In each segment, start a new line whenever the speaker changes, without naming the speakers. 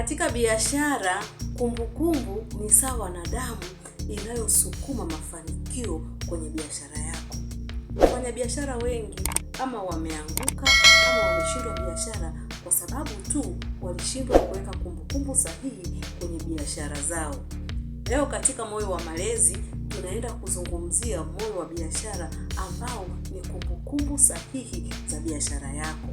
Katika biashara, kumbukumbu ni sawa na damu inayosukuma mafanikio kwenye biashara yako. wafanya biashara wengi ama wameanguka ama wameshindwa biashara kwa sababu tu walishindwa kuweka kumbukumbu sahihi kwenye biashara zao. Leo katika Moyo wa Malezi tunaenda kuzungumzia moyo wa biashara ambao ni kumbukumbu sahihi za biashara yako.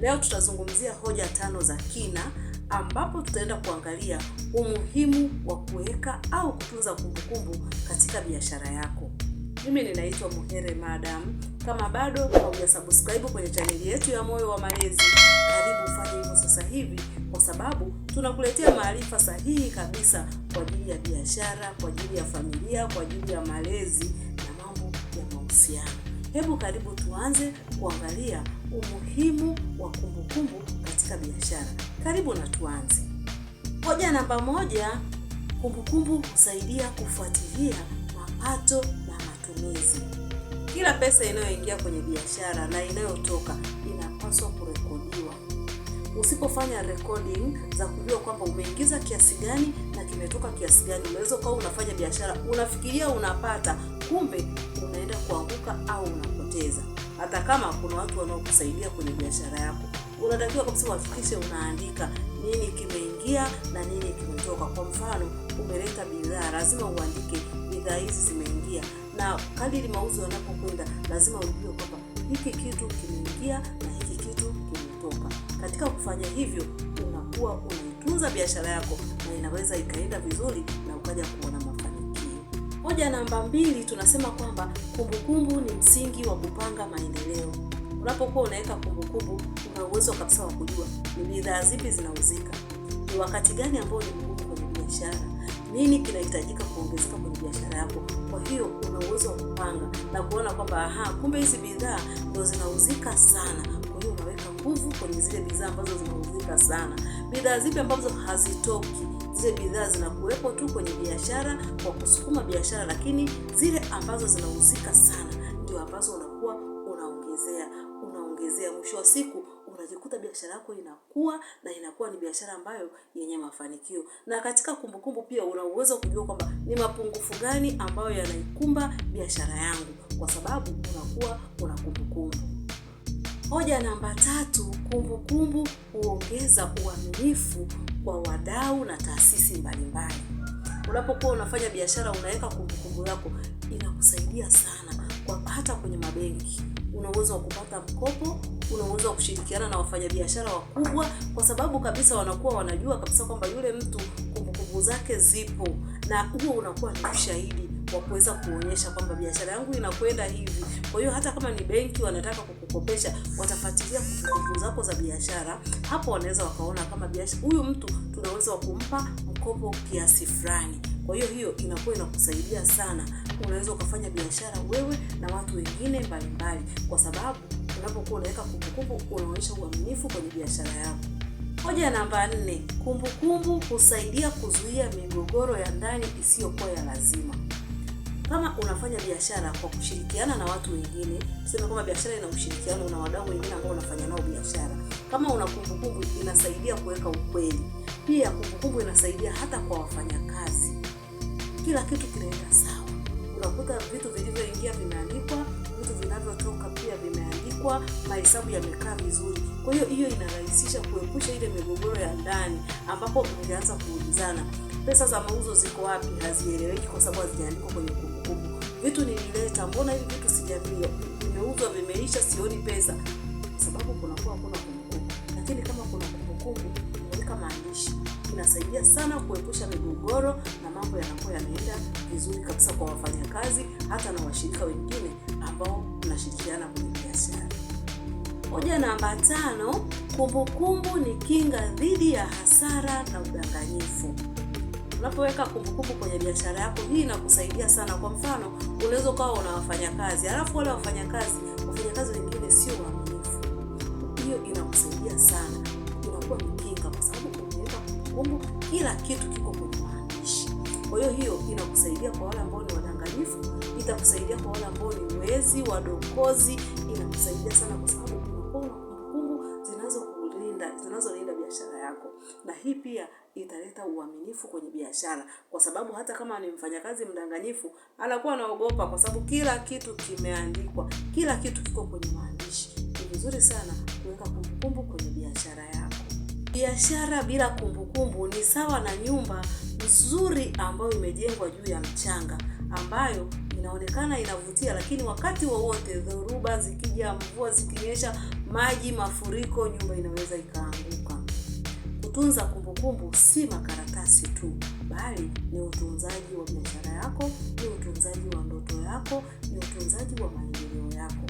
Leo tutazungumzia hoja tano za kina ambapo tutaenda kuangalia umuhimu wa kuweka au kutunza kumbukumbu katika biashara yako. Mimi ninaitwa Muhere Madam. Kama bado haujasubscribe kwenye chaneli yetu ya Moyo wa Malezi, karibu ufanye hivyo sasa hivi, kwa sababu tunakuletea maarifa sahihi kabisa kwa ajili ya biashara, kwa ajili ya familia, kwa ajili ya malezi na mambo ya mahusiano. Hebu karibu tuanze kuangalia umuhimu wa kumbukumbu katika biashara. Karibu na tuanze. Hoja namba moja, kumbukumbu husaidia kufuatilia mapato na matumizi. Kila pesa inayoingia kwenye biashara na inayotoka inapaswa kurekodiwa. Usipofanya recording za kujua kwamba umeingiza kiasi gani na kimetoka kiasi gani, unaweza ukawa unafanya biashara unafikiria unapata, kumbe unaenda kuanguka au unapoteza. Hata kama kuna watu wanaokusaidia kwenye biashara yako, unatakiwa kabisa uhakikishe unaandika nini kimeingia na nini kimetoka. Kwa mfano, umeleta bidhaa, lazima uandike bidhaa hizi zimeingia, na kadiri mauzo yanapokwenda, lazima ujue kwamba hiki kitu kimeingia na hiki kitu kimetoka. Katika kufanya hivyo, unakuwa unaitunza biashara yako na inaweza ikaenda vizuri na ukaja kuona Hoja namba mbili tunasema kwamba kumbukumbu ni msingi wa kupanga maendeleo. Unapokuwa unaweka kumbukumbu, una uwezo kabisa wa kujua ni bidhaa zipi zinauzika, ni wakati gani ambao ni mgumu kwenye biashara, nini kinahitajika kuongezeka kwenye biashara yako. Kwa hiyo una uwezo wa kupanga na kuona kwamba aha, kumbe hizi bidhaa ndo zinauzika sana. Kwa hiyo unaweka nguvu kwenye zile bidhaa ambazo zinauzika sana bidhaa zipi ambazo hazitoki zile bidhaa zinakuwepo tu kwenye biashara kwa kusukuma biashara, lakini zile ambazo zinahusika sana ndio ambazo unakuwa unaongezea unaongezea. Mwisho wa siku unajikuta biashara yako inakuwa na inakuwa ni biashara ambayo yenye mafanikio. Na katika kumbukumbu pia una uwezo kujua kwamba ni mapungufu gani ambayo yanaikumba biashara yangu, kwa sababu unakuwa una kumbukumbu. Hoja namba tatu, kumbukumbu huongeza uaminifu kwa wadau na taasisi mbalimbali. Unapokuwa unafanya biashara, unaweka kumbukumbu yako, inakusaidia sana kwa hata kwenye mabenki una uwezo wa kupata mkopo, una uwezo wa kushirikiana na wafanyabiashara wakubwa, kwa sababu kabisa wanakuwa wanajua kabisa kwamba yule mtu kumbukumbu zake zipo, na huo unakuwa ni ushahidi wa kuweza kuonyesha kwamba biashara yangu inakwenda hivi. Kwa hiyo hata kama ni benki wanataka kukukopesha, watafuatilia kumbukumbu zako za biashara. Hapo wanaweza wakaona kama biashara huyu mtu tunaweza kumpa mkopo kiasi fulani. Kwa hiyo hiyo inakuwa inakusaidia sana, unaweza ukafanya biashara wewe na watu wengine mbalimbali, kwa sababu unapokuwa unaweka kumbukumbu unaonyesha uaminifu kwenye biashara yako. Hoja namba nne, kumbukumbu husaidia kuzuia migogoro ya ndani isiyokuwa ya lazima. Kama unafanya biashara kwa kushirikiana na watu wengine, sema kama biashara ina ushirikiano, na wadau wengine ambao unafanya nao biashara. Kama una kumbukumbu, inasaidia kuweka ukweli. Pia kumbukumbu inasaidia hata kwa wafanyakazi, kila kitu kinaenda sawa. Unakuta vitu vilivyoingia vimeandikwa, vitu vinavyotoka pia vimeandikwa, mahesabu yamekaa vizuri. Kwa hiyo hiyo inarahisisha kuepusha ile migogoro ya ndani ambapo mngeanza kuulizana pesa za mauzo ziko wapi, hazieleweki kwa sababu hazijaandikwa kwenye kumbukumbu vitu nilileta, mbona hivi vitu sijavia, vimeuzwa vimeisha, sioni pesa, sababu kunakuwa kuna kumbukumbu. Lakini kama kuna kumbukumbu, unaweka maandishi, inasaidia sana kuepusha migogoro na mambo yanakuwa yanaenda vizuri kabisa kwa wafanyakazi, hata na washirika wengine ambao tunashirikiana kwenye biashara. Hoja namba tano, kumbukumbu ni kinga dhidi ya hasara na udanganyifu. Unapoweka kumbukumbu kwenye biashara yako, hii inakusaidia sana. Kwa mfano, unaweza ukawa una wafanyakazi alafu wale wafanyakazi wafanyakazi wengine sio waaminifu, hiyo inakusaidia sana, unakuwa mkinga, kwa sababu umeweka kumbukumbu, kila kitu kiko kwenye maandishi. Kwa hiyo hiyo inakusaidia kwa wale ambao ni wadanganyifu, itakusaidia kwa wale ambao ni wezi, wadokozi, inakusaidia sana kwa sababu hii pia italeta uaminifu kwenye biashara, kwa sababu hata kama ni mfanyakazi mdanganyifu anakuwa anaogopa, kwa sababu kila kitu kimeandikwa, kila kitu kiko kwenye maandishi. Ni vizuri sana kuweka kumbukumbu kwenye biashara yako. Biashara bila kumbukumbu ni sawa na nyumba nzuri ambayo imejengwa juu ya mchanga, ambayo inaonekana inavutia, lakini wakati wowote wa dhoruba zikija, mvua zikinyesha, maji, mafuriko, nyumba inaweza ikaanguka. Kutunza kumbukumbu si makaratasi tu, bali ni utunzaji wa biashara yako, ni utunzaji wa ndoto yako, ni utunzaji wa maendeleo yako.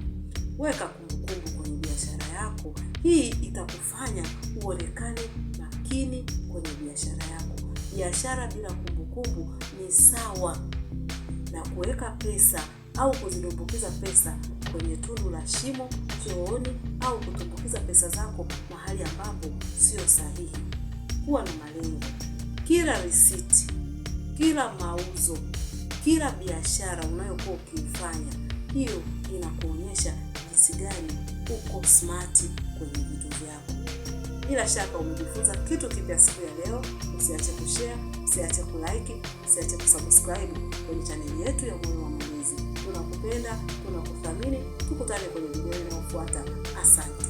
Weka kumbukumbu kwenye biashara yako. Hii itakufanya uonekane makini kwenye biashara yako. Biashara bila kumbukumbu ni sawa na kuweka pesa au kuzidumbukiza pesa kwenye tundu la shimo chooni, au kutumbukiza pesa zako mahali ambapo sio sahihi kuwa na malengo. Kila risiti, kila mauzo, kila biashara unayokuwa ukifanya hiyo inakuonyesha jinsi gani uko smart kwenye vitu vyako. Bila shaka umejifunza kitu kipya siku ya leo. Usiache kushare, usiache kulike, usiache kusubscribe kwenye chaneli yetu ya Moyo wa Mwenezi. Tunakupenda, tunakuthamini. Tukutane kwenye video inayofuata. Asante.